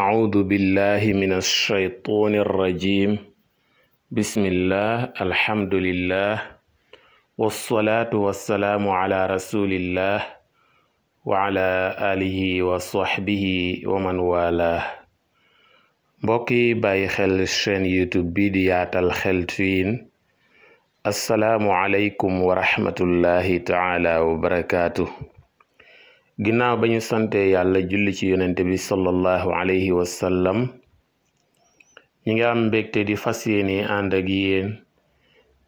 أعوذ بالله من الشيطان الرجيم بسم الله الحمد لله والصلاة والسلام على رسول الله وعلى آله وصحبه ومن والاه mbokki bàyyi xel chaîne youtube bi di yaatal xeltu yin asalaamu aleykum wa rahmatullahi taala wa barakaatu ginnaaw ba ñu sante yàlla julli ci yonent bi sallallahu alayhi wa sallam ñi nga am mbégte di fas yéene ànd ak yéen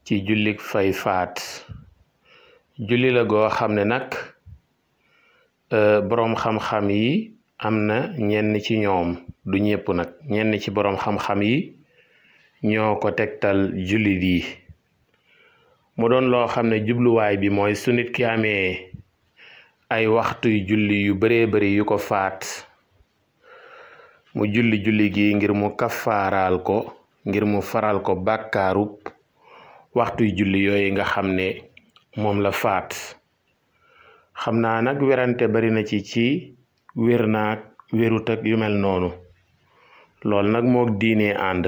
ci jullik fay faat julli la goo xam ne nag euh, boroom xam-xam yi am na ñenn ci ñoom du ñépp nag ñenn ci boroom xam-xam yi ñoo ko tegtal jullit yi mu doon loo xam ne jubluwaay bi mooy su ki amee ay waxtuy julli yu baree bari yu ko faat mu julli julli gi ngir mu kafaaraal ko ngir mu faral ko bàkkaarub waxtuy julli yooyu nga xam ne moom la faat xam naa nag werante bari na ci ci wér naag wérut yu mel noonu loolu nag mook diine ànd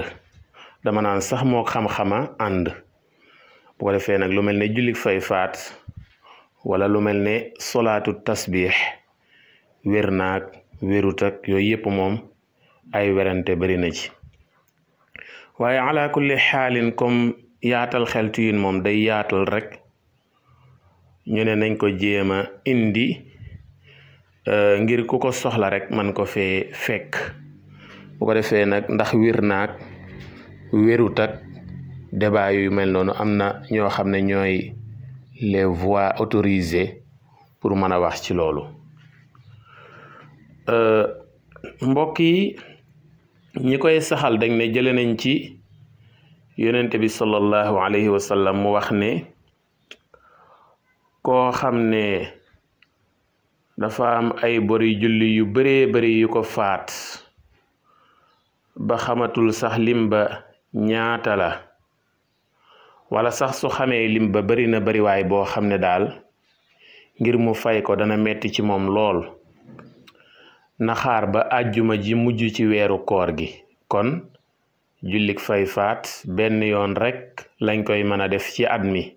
dama naan sax mook xam-xama ànd bu ko defee nag lu mel ne julli fay faat wala lu mel ne solaatu tasbiix wér naag wérut ak yooyu yëpp moom ay werante bari na ci waaye ala kulli xaalin comme yaatal xeltu yin moom day yaatal rek ñu ne nañ ko jéem a indi e, ngir ku ko soxla rek man ko fee fekk bu ko defee nag ndax wér naag wérut ak débat yu mel noonu am na ñoo xam ne ñooy le voies autorisées pour mën a wax ci loolu euh, mbokk yi ñi koy saxal dañ ne jële nañ ci yonent bi sallallahu alayhi wa sallam mu wax ne koo xam ne dafa am ay bori julli yu bëree bari yu ko faat ba xamatul sax lim ba ñaata la wala sax su xamee lim ba bari na bariwaay boo xam ne daal ngir mu fay ko dana metti ci moom lool naxaar ba àjjuma ji mujj ci weeru koor gi kon jullik fay benn yoon rekk lañ koy mën a def ci at mi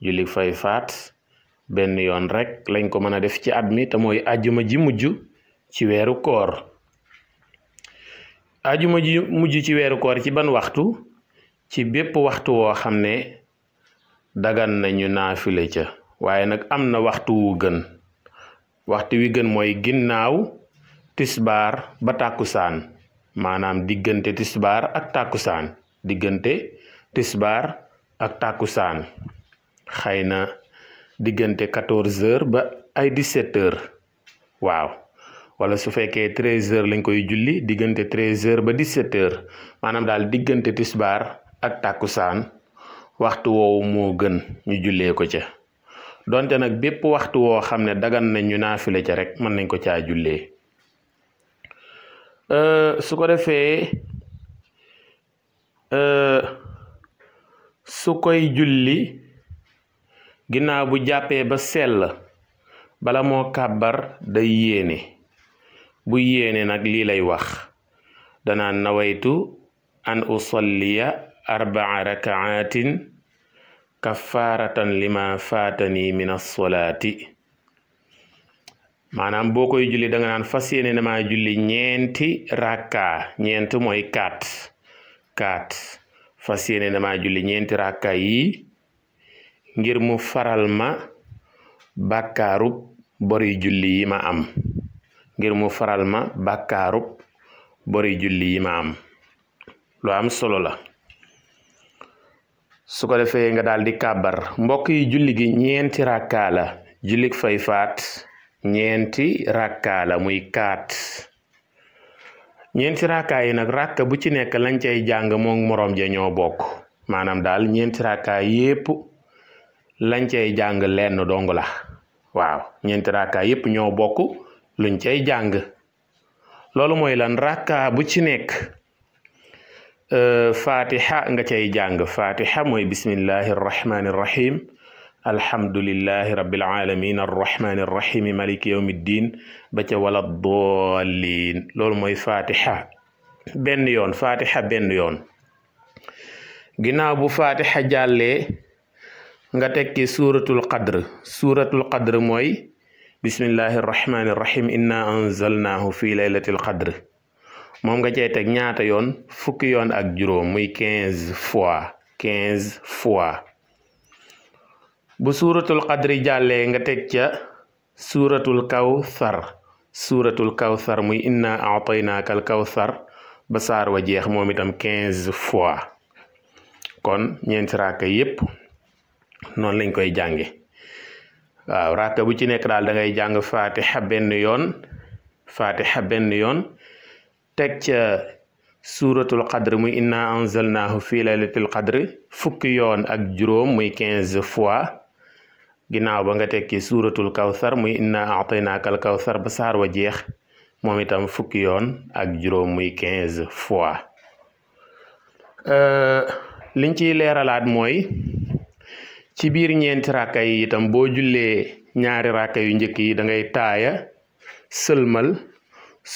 jullik fay faat benn yoon rekk lañ ko mën a def ci at mi te mooy àjjuma ji mujj ci weeru koor àjjuma ji mujj ci weeru koor ci ban waxtu ci bépp waxtu woo xam ne dagan nañu naafile ca waaye nag am na waxtu wu gën waxtu wi gën mooy ginnaaw tisbaar ba tàkkusaan maanaam diggante tisbaar ak tàkkusaan diggante tisbaar ak tàkkusaan xëy na diggante 14 heures ba ay 17 heures waaw wala su fekkee 13 heures lañ koy julli diggante 13 heures ba 17 heures maanaam daal diggante tisbaar ak tàkkusaan waxtu woowu moo gën ñu jullee ko ca donte nag bépp waxtu woo xam ne dagan nañ ñu naafile ca rek mën nañ ko caa jullee euh, su ko defee euh, su koy julli ginnaaw bu jàppee ba sell bala moo kàbbar day yéene bu yéene nag lii lay wax danaan nawaytu an usalliya arbaa rakaatin kafaaratan lima faatani min assolaati maanaam boo koy julli danga naan fas yéene na maa julli ñeenti rakka ñeent moy quatre quatre fas yéene na maa julli ñeenti rakka yi ngir mu faral ma bàkkaarub bori julli yi ma am ngir mu faral ma bàkkaarub bori julli yi am lu am solo la su ko defee nga daal di kàbbar mbokk yi julli gi ñeenti rakkaa la jullik fay faat ñeenti rakkaa la muy kaat ñeenti rakkaa yi nag rakka bu ci nekk lañ cay jàng moom moroom ja ñoo bokk maanaam daal ñeenti rakkaa yépp lañ cay jàng lenn dong la waaw ñeenti rakka yépp ñoo bokk luñ cay jàng loolu mooy lan rakkaa bu ci nekk fatiha nga cay jàng fatiha mooy bismillahi arrahmani irrahim alhamdulillahi rabbil alamin arrahmani irrahimi ba ca wala dollin loolu mooy fatiha benn yoon fatiha benn yoon ginnaaw bu fatiha jàllee nga tekki suuratu qadr suuratul qadr mooy bismillahi arrahmani irrahim inna anzalnaahu fi laylatil qadr moom nga cay teg ñaata yoon fukki yoon ak juróom muy quinze fois quinze fois bu suuratul qadri jàllee nga teg ca suuratul kaw kawsar suuratul sar muy inna aataynaaka al kawsar ba saar wa jeex moom itam quinze fois kon ñeenti raaka yépp noonu lañ koy jànge waaw raaka bu ci nekk daal dangay jàng faatiha benn yoon faatiha benn yoon teg ca suuratul qadr muy inna anzalnaahu fii laylatil qadr fukki yoon ak juróom muy quinze fois ginnaaw ba nga tekki suuratul kawsar muy inna ataynaakal kawsar ba saar wa jeex moom itam fukki yoon ak juróom muy quinze fois euh, liñ ciy leeralaat mooy ci biir ñeenti ràkka yi itam boo jullee ñaari ràkka yu njëkk yi da ngay taaya sëlmal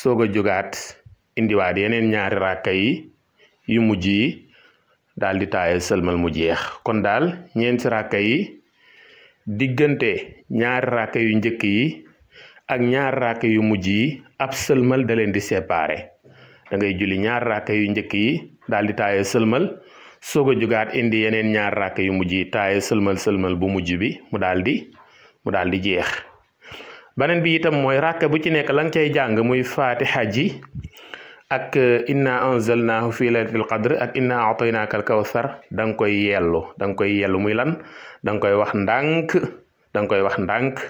soog jógaat indiwaat yeneen ñaari ràkka yi yu mujj yi daal di taayal sëlmal mu jeex kon daal ñeenti ràkka yi diggante ñaari ràkka yu njëkk yi ak ñaari ràkka yu mujj yi ab sëlmal da leen di séparé dangay julli ñaari ràkka yu njëkk yi dal di taayal sëlmal soog a jugaat indi yeneen ñaari ràkka yu mujj yi taayal sëlmal sëlmal bu mujj bi mu daal di mu daal di jeex beneen bi itam mooy ràkka bu ci nekk la nga jàng muy faatixa xaji ak eh, inna anzalnahu fi laylatil qadr ak inna a'taynaka al kawsar da nga koy yellu da koy yellu muy lan da koy wax ndànk da koy wax ndànk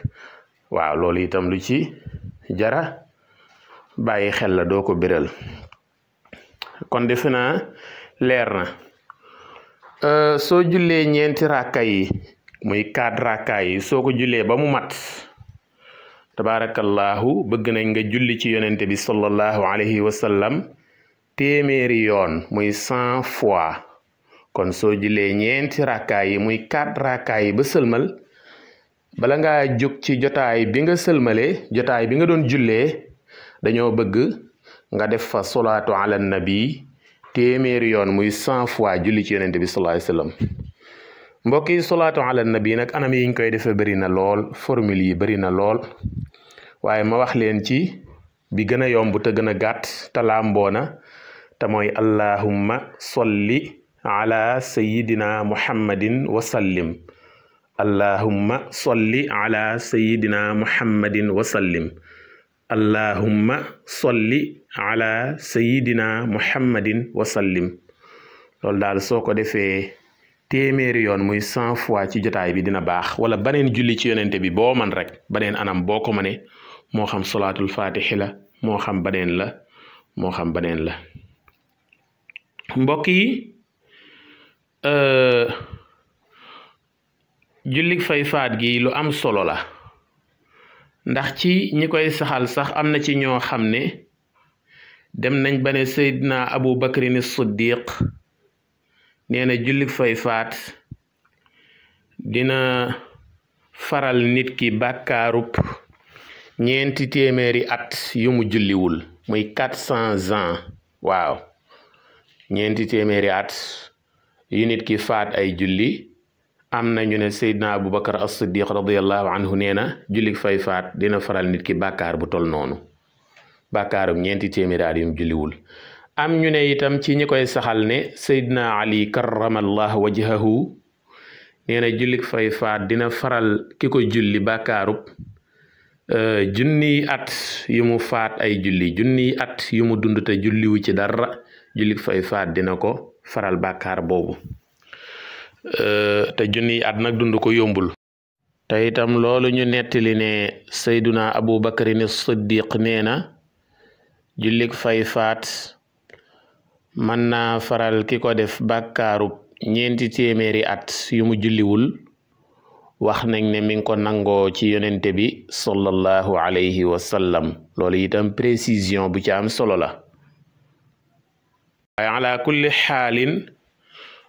waaw loolu itam lu ci jara bàyyi xel la doo ko biral kon defe naa leer na eh, soo jullee ñeenti rakka yi muy quatre rakka yi soo ko jullee ba mu mat tabaarakallaahu bëgg nañ nga julli ci yonente bi sallallahu alayhi wa sallam téeméeri yoon muy cent fois kon soo jullee ñeenti rakkaay yi muy quatre rakkaay yi ba sëlmal bala nga jóg ci jotaay bi nga sëlmalee jotaay bi nga doon jullee dañoo bëgg nga def fa solaatu ala nabi téeméeri yoon muy cent fois julli ci yonente bi sallallahu alayhi mbokk yi solaatu ala nabi nag anam yiñ koy defee bëri na lool formule yi bëri na lool waaye ma wax leen ci bi gën a yomb te gën a gàtt te làmboona te mooy allahumma solli ala sayidina muhammadin wasallim allahumma solli ala sayidina muhammadin wasallim allahumma solli ala sayidina muhammadin wasallim loolu daal soo ko defee téeméeri yoon muy cent fois ci jotaay bi dina baax wala baneen julli ci yonente bi boo man rek baneen anam boo ko mënee moo xam solaatul faatixi la moo xam baneen la moo xam baneen la mbokk yi euh, jullik fay faat gi lu am solo la ndax ci ñi koy saxal sax am na ci ñoo xam ne dem nañ ba ne Seydina Abu Bakrin Siddiq nee na jullik fay faat dina faral nit ki bàkkaarub ñeenti téeméeri at yu julliwul muy quatre cents ans waaw ñeenti téeméeri at yu nit ki faat ay julli am na ñu ne Seydina Aboubacar as-Siddiq radiyallahu anhu nee na jullik fay faat dina faral nit ki bàkkaar bu tol noonu bàkkaarub ñeenti téeméeri at yu julliwul am ñu ne itam ci ñi koy saxal ne Seydina Ali karramallahu wajhahu nee na fay faat dina faral ki ko julli bàkkaarub euh, junniy at yu mu faat ay julli junniy at yu dund te julliwu ci dara jullik fay faat dina ko faral bàkkaar boobu euh, te junniy at nag dund ko yombul te itam loolu ñu nettali ne Seydina Abu Bakrin Siddiq nee na jullik fay faat mën naa faral ki ko def bàkkaarub ñeenti téeméeri at yu mu julliwul wax nañ ne mi ko nangoo ci yonente bi sallallahu alayhi wa sallam loolu itam précision bu ci am solo la waaye ala kulli xaalin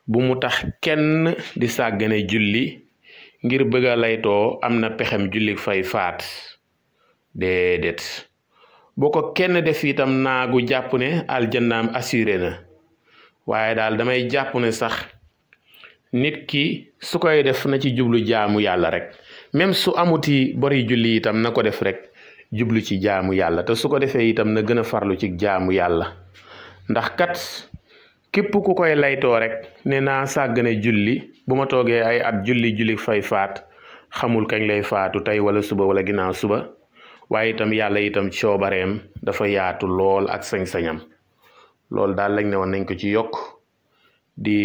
bu mu tax kenn di sàggane julli ngir bëgg a laytoo am na pexem julli fay faat déedéet bu ko kenn def itam naagu jàpp ne aljannaam assuré na waaye daal damay jàpp ne sax nit ki su koy def na ci jublu jaamu yàlla rek même su amuti bori julli itam na ko def rek jublu ci jaamu yàlla te su ko defee itam na gën a farlu ci jaamu yàlla ndax kat képp ku koy laytoo rek ne naa sàgg sàggane julli bu ma toogee ay at julli julli fay faat xamul kañ lay faatu tey wala suba wala ginnaaw suba waaye itam yàlla itam coobareem dafa yaatu lool ak sañ-sañam loolu daal lañ ne woon nañ ko ci yokk di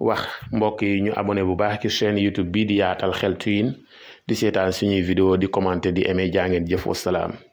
wax mbokk yi ñu abonné bu baax ci seen YouTube bii di yaatal xeltu yin di seetaan suñuy vidéo di commenter di aimer jaa ngeen jëf wasalaam